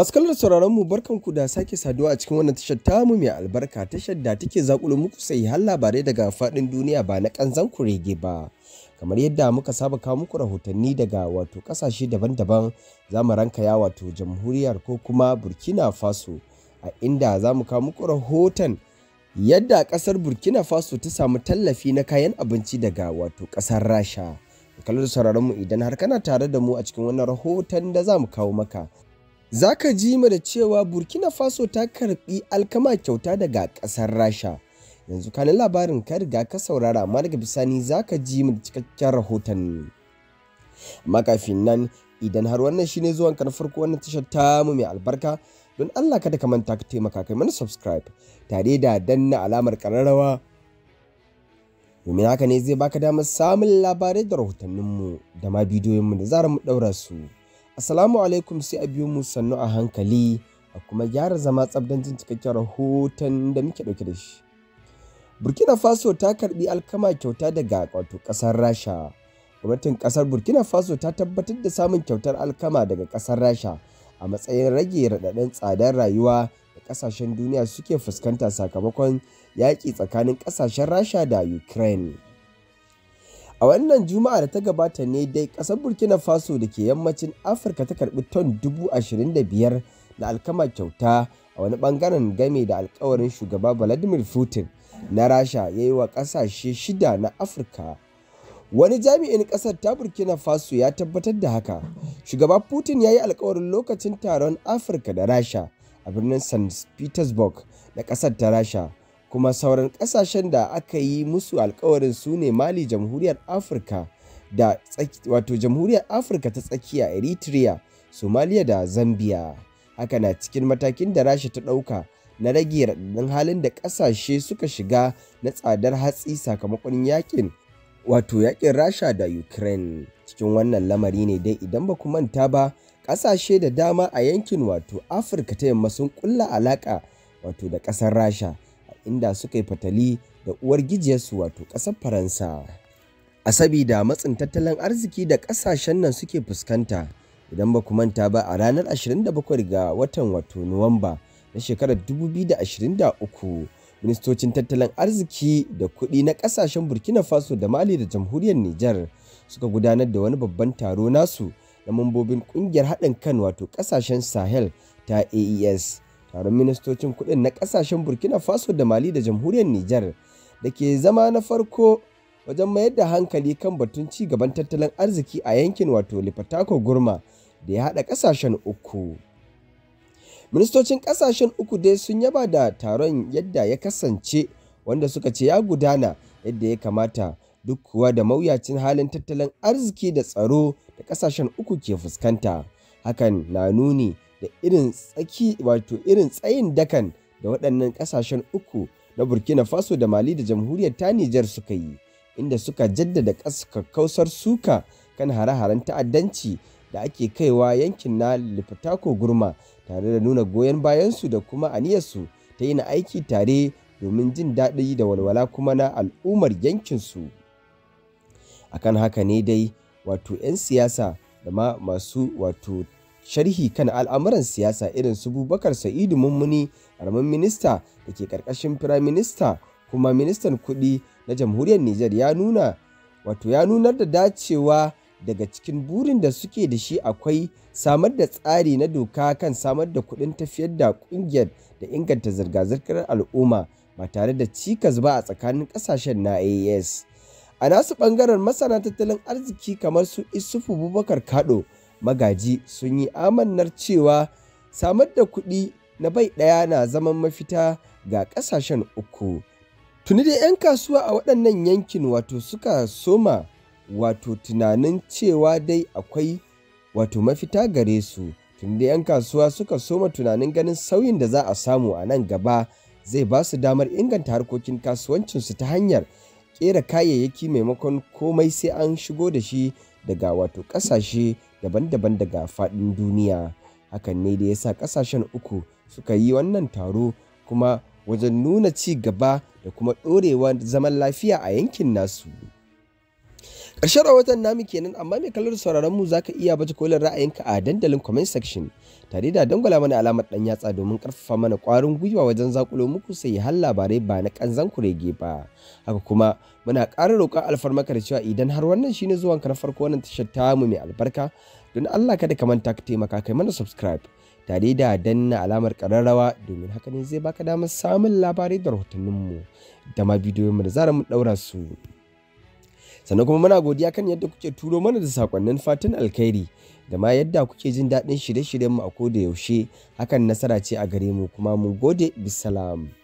Masu kallon sauraron mu ku da sake saduwa a cikin wannan tashar tamu mai albarka tashar da take zakulo muku sai har labarai daga faɗin duniya ba na kanzan rege ba. Kamar yadda muka saba kawo muku rahotanni daga wato kasashe daban-daban za mu ranka ya wato jamhuriyar ko kuma Burkina Faso a inda za mu kawo muku rahoton yadda ƙasar Burkina Faso ta samu tallafi na kayan abinci daga wato ƙasar Rasha. Kallon sauraron mu idan har kana tare da mu a cikin wannan rahoton da za mu kawo maka za ka ji ma da cewa burkina faso ta karbi alkama kyauta daga kasar rasha yanzu kanin labarin ka riga ka saurara amma daga bisani za ka ji mu da cikakken rahoton makafin nan idan har wannan shine zuwan ka na farko wannan tashar ta mu mai albarka don allah kada ka manta ka taimaka kai mana subscribe tare da danna alamar kararrawa domin haka ne zai baka damar samun labarai da rahotanninmu da ma bidiyoyinmu da zaran mu daura su Asalamu alaikum sai a biyo mu sannu a hankali a kuma gyara zama tsabdan jin cikakken rahoton da muke ɗauke da shi. Burkina Faso ta karbi alkama kyauta daga wato ƙasar Rasha. Gwamnatin ƙasar Burkina Faso ta tabbatar da samun kyautar alkama daga ƙasar Rasha a matsayin rage raɗaɗin tsadar rayuwa da ƙasashen duniya suke fuskanta sakamakon yaƙi tsakanin ƙasashen Rasha da Ukraine. A wannan Juma'a da ta gabata ne dai ƙasar Burkina Faso da ke yammacin Afirka ta karɓi ton dubu ashirin da biyar na alkama kyauta a wani ɓangaren game da alkawarin shugaba Vladimir Putin na Rasha ya yi wa ƙasashe shida na Afirka. Wani jami'in ƙasar ta Burkina Faso ya tabbatar da haka. Shugaba Putin ya yi alkawarin lokacin taron Afirka da Rasha a birnin St. Petersburg da ƙasar ta Rasha. kuma sauran ƙasashen da aka yi musu alkawarin su ne mali jamhuriyar afirka da wato jamhuriyar afirka ta tsakiya eritrea Somalia da zambia haka na cikin matakin da rasha ta ɗauka na rage raɗaɗin halin da ƙasashe suka shiga na tsadar hatsi sakamakon yakin wato yakin rasha da ukraine cikin wannan lamari ne dai idan ba ku manta ba ƙasashe da dama a yankin wato afirka ta yamma sun kulla alaƙa wato da ƙasar rasha inda suka yi fatali da uwar gijiyarsu wato ƙasar faransa a sabida matsin tattalin arziki da ƙasashen nan suke fuskanta idan ba ku manta ba a ranar 27 ga watan wato nuwamba na shekarar 2023 ministocin tattalin arziki da kuɗi na ƙasashen burkina faso da mali da jamhuriyar nijar suka gudanar da wani babban taro nasu na mambobin ƙungiyar haɗin kan wato ƙasashen sahel ta aes taron ministocin kuɗin na ƙasashen burkina faso da mali da jamhuriyar nijar da ke zama na farko wajen mayar da hankali kan batun ci gaban tattalin arziki a yankin wato lipatako gurma da ya haɗa ƙasashen uku ministocin ƙasashen uku dai sun yaba da taron yadda ya kasance wanda suka ce ya gudana yadda ya kamata duk kuwa da mawuyacin halin tattalin arziki da tsaro da ƙasashen uku ke fuskanta hakan na nuni da irin tsaki wato irin tsayin dakan da waɗannan ƙasashen uku na Burkina Faso da Mali da Jamhuriyar ta Nijar suka yi inda suka jaddada kakkausar suka kan hare-haren ta'addanci da ake kaiwa yankin na Liptako Gurma tare da nuna goyon bayansu da kuma aniyarsu ta yin aiki tare domin jin daɗi da walwala kuma na al'ummar yankinsu. Akan haka ne dai wato 'yan siyasa da ma masu wato sharhi kan al'amuran siyasa irin su Bubakar Sa'idu Mummuni, karamin minista da ke ƙarƙashin firayim minista kuma ministan kuɗi na jamhuriyar Nijar ya nuna wato ya nunar da dacewa daga cikin burin da suke da shi akwai samar da tsari na doka kan samar da kuɗin tafiyar da ƙungiyar da inganta zirga-zirgar al'umma ba tare da cikas ba a tsakanin ƙasashen na AES. A nasu ɓangaren masana tattalin arziki kamar su Isufu Bubakar Kado Magaji sun yi amannar cewa samar da kuɗi na bai ɗaya na zaman mafita ga ƙasashen uku. Tuni da 'yan kasuwa a waɗannan yankin wato suka soma wato tunanin cewa dai akwai wato mafita gare su. Tuni da 'yan kasuwa suka soma tunanin ganin sauyin da za a samu a nan gaba zai ba su damar inganta harkokin kasuwancinsu ta hanyar ƙera kayayyaki maimakon komai sai an shigo da shi daga wato ƙasashe daban-daban daga faɗin duniya hakan ne da ya sa ƙasashen uku suka yi wannan taro kuma wajen nuna ci gaba da kuma ɗorewa zaman lafiya a yankin nasu. Ƙarshen rahoton namu kenan amma mai kallon sauraron mu zaka iya baje kolin ra'ayinka a dandalin comment section tare da dangwala mana alamar dan yatsa domin karfafa mana ƙwarin gwiwa wajen zakulo muku sai har labarai ba na kanzan kurege ba. Haka kuma muna ƙara roƙon alfarmaka da cewa idan har wannan shine zuwan ka na farko wannan tashar mu mai albarka don Allah kada ka manta ka taimaka kai mana subscribe tare da danna alamar ƙararrawa domin haka ne zai baka damar samun labarai da rahotanninmu da ma bidiyon mu da zaran mu daura su. sannan kuma muna godiya kan yadda kuke turo mana da sakonnin fatin alkhairi da ma yadda kuke jin daɗin shirye-shiryen mu a da yaushe hakan nasara ce a gare mu kuma mun gode bisalamu